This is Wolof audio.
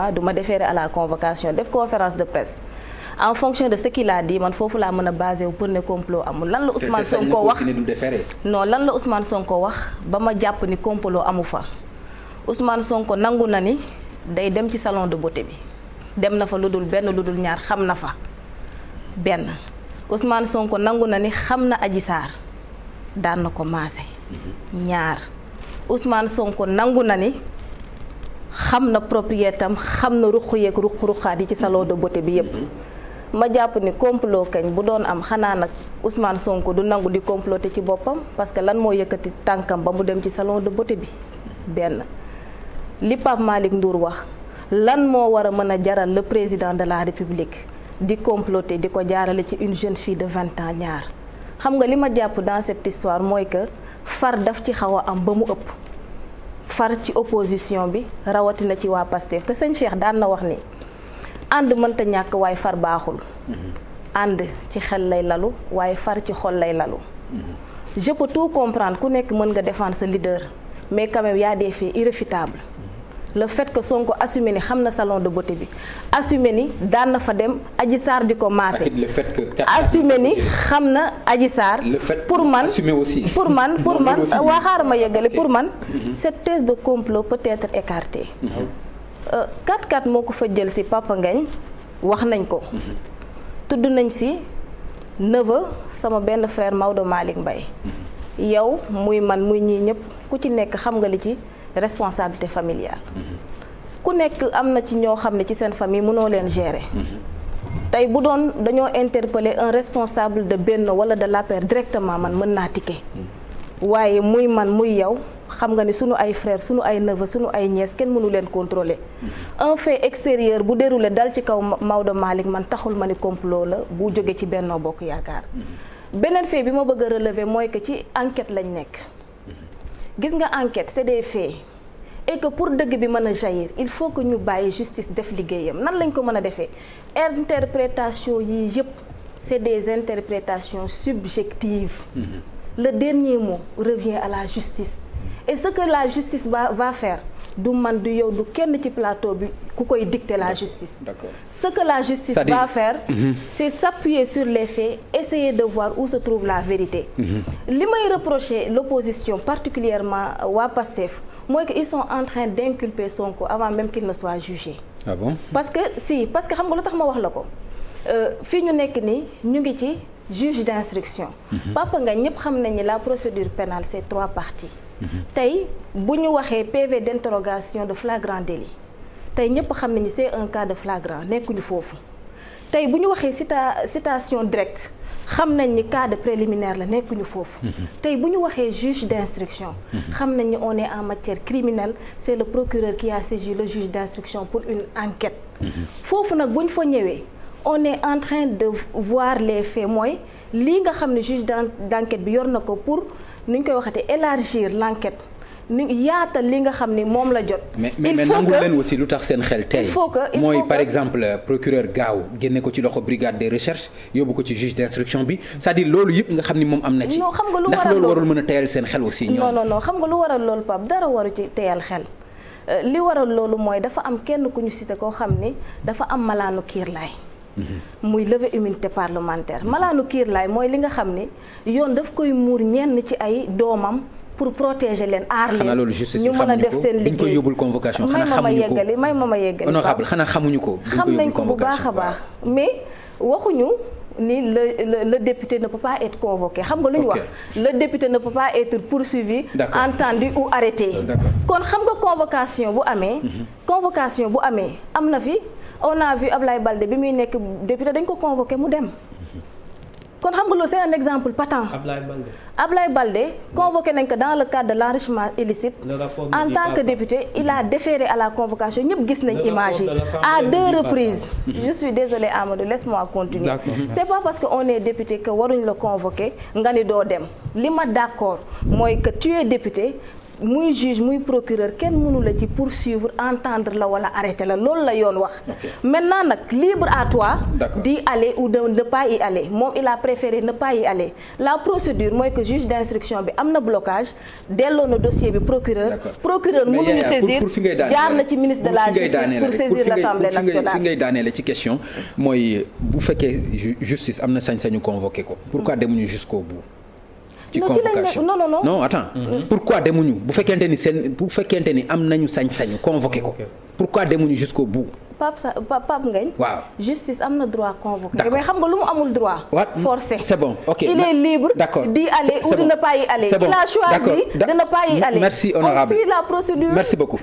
ma du ma déférer à la convocation def conférence de presse en fonction de ce qu'il man foofu laa mën a basé wu pour ne complot amul lan la Ousmane Sonko wax non lan la Ousmane Sonko wax ba ma jàpp ni complot amu fa Ousmane Sonko nangu na ni day dem ci salon de beauté bi dem na fa lu dul benn lu dul ñaar xam na fa benn Ousmane Sonko nangu na ni xam na aji Sarr daan na ko maase mhm. ñaar Ousmane Sonko nangu na ni xam na propriétaire tam xam na ruq yeeg ruq ruqaat yi ci salon de beauté bi yépp ma jàpp ni complot kañ bu doon am xanaa nag Ousmane Sonko du nangu di comploter ci boppam parce que lan moo yëkkati tànkam ba mu dem ci salon de beauté bi benn li Pape Malick Ndour wax lan moo war a mën a jaral le président de la république di comploter di ko jaarale ci une jeune fii de vingt ans ñaar xam nga li ma jàpp dans cette histoire mooy que far daf ci xaw a am ba mu ëpp far ci opposition bi rawatina ci waa Pastef te sëñ Cheikh daan na wax ni ànd mënta ñàkk waaye far baaxul ànd ci xel lay lalu waaye far ci xool lay lalu je peux tout comprendre ku nekk mën nga défendre sa leader mais quand même y a des le fait que Sonko assumé ni xam na salon de beauté bi assumé ni daan na fa dem Adji saar di ko maase. assumé ni xam na aji Sarr. pour man pour man pour man waa xaaral ma yeggale pour man. Mhm. cette thèse de complot peut être écartée. 4 mhm. euh, moo ko fa jël ci Papa Ngagne wax nañ ko. Mhm. tudd nañ si neveu sama benn frère Maodo Malick mbay yow muy man muy ñii ñëpp ku ci nekk xam nga li ci. responsabilité familiale. ku nekk am na ci ñoo xam ne ci seen famille mënoo leen gérer. tey bu doon dañoo interpeller un responsable de Benno wala de l'APR directement man mën naa tikke waaye muy man muy yow xam nga ni sunu ay frères sunu ay neveux sunu ay nièces kenn mënu leen contrôler un fait extérieur bu déroulé dal ci kaw Maodo Malick man taxul ma ni complot la bu jóge ci Benno Bokk Yaakaar beneen fait bi ma bëgg a relever mooy que ci enquête lañ nekk. gis nga enquête c'est des faits et que pour dëgg bi mën a jaillir il faut que ñu bàyyi justice def liggéeyam nan lañ ko mën a defee interprétation yii yëpp c'est des interprétations subjectives mm -hmm. le dernier mot revient à la justice et ce que la justice va va faire du man du yow du kenn ci plateau bi ku koy dicter la justice d'accord ce que la justice va faire mm-hmm. c'est s'appuyer sur les faits essayer de voir où se trouve la vérité mhm. li may reprocher l'opposition particulièrement waa Pastef mooy que ils sont en train d'inculper Sonko avant même qu'il ne soit jugé ah parce que si parce que xam nga lu tax ma wax la ko euh, fii ñu nekk nii ñu ngi ci juge d'instruction mhm. papa nga ñëpp xam ñi la procédure pénale c'est trois parties mhm. tey bu ñu waxee PV d'interrogation de flagrant délit tey ñëpp xam nañu c'est un cas de flagrant nekkuñu foofu tey bu ñu waxee sita citation directe xam nañ ni cas de préliminaire la nekkuñu foofu. Mhm. tey bu ñu waxee juge d'instruction. Mhm. xam nañ ni on est en matière criminelle c'est le procureur qui a saisi le juge d'instruction pour une enquête. Mhm. foofu nag bu ñu fa ñëwee on est en train de voir les faits mooy lii nga xam ne juge d'enquête bi yor na ko pour nu ñu koy waxatee élargir l'enquête. ni yaatal li nga xam ni moom la jot. il faut mais aussi lu tax seen xel tey. il faut que mooy par exemple euh, procureur gaaw génne ko ci loxo brigade des recherche yóbbu ko ci juge d'instruction bi sa à dire loolu yëpp nga xam ni moom am na ci. xam nga lu waral loolu ndax loolu warul mën a teyal seen xel aussi. ñoom non non xam nga lu waral loolu Pape dara waru ci teyal xel. Euh, li waral loolu mooy dafa am kenn ku ñu cité koo xam ni dafa am malaanu kiirlaay mhm. muy lever immunité parlementaire malaanu kiirlaay mooy li nga xam ni yoon daf koy muur ñenn ci ay doomam. pour protéger leen aar leen. xanaa loolu ñu mën a def seen liggéey dañ koy yóbbul convocation. xanaa xamuñu ko may ma ma yeggali honorable xanaa xamuñu ko. xam ko bu baax a baax mais waxuñu. ni le, le le député ne peut pas être convoqué xam nga lu ñu wax le député ne peut pas être poursuivi entendu ou arrêté euh, kon xam nga convocation bu amee mhm. convocation bu amee am na fi on a vu Ablaye Baldé bi muy nekk député dañ ko convoqué mu dem kon xam nga loolu c'est un exemple patent. Ablaye Baldé Ablaye Baldé nañ ko dans le cadre de l' enrichissement illicite. en tant que député il a déféré à la convocation ñëpp gis nañ image yi. à deux reprises. je suis désolé Amadou laisse-moi continuer. d' pas parce que on est député que waruñ la convoquer nga ni doo dem li ma d' accord mooy que tu es député. muy juge muy procureur kenn mënu la ci poursuivre entendre la wala arrêter la loolu la yoon wax. maintenant nag libre à toi. d'y aller ou de ne pas y aller moom il a préféré ne pas y la procédure mooy que juge d'instruction bi am na blocage delloo na dossier bi procureur. procureur mënuñu saisir jaar na ci ministre de la justice pour saisir l'Assemblée nationale. fi ngay daaneele mooy bu fekkee justice am na sañ-sañu convoqué ko. pourquoi demuñu jusqu'au bout. ci convocation non non non non attends mm-hmm. Mm-hmm. pourquoi demuñu bu fekkente ni seen bu fekkente ni am nañu sañ-sañu convoqué ko pourquoi demuñu jusqu'au bout Pape sa Pape Ngagne. waaw justice am na droit convoquer. mais xam nga lu mu amul droit. forcé c'est bon ok il est libre. d'accord d'y aller ou de ne pas aller. il a choisi de ne pas y aller. merci honorable merci beaucoup.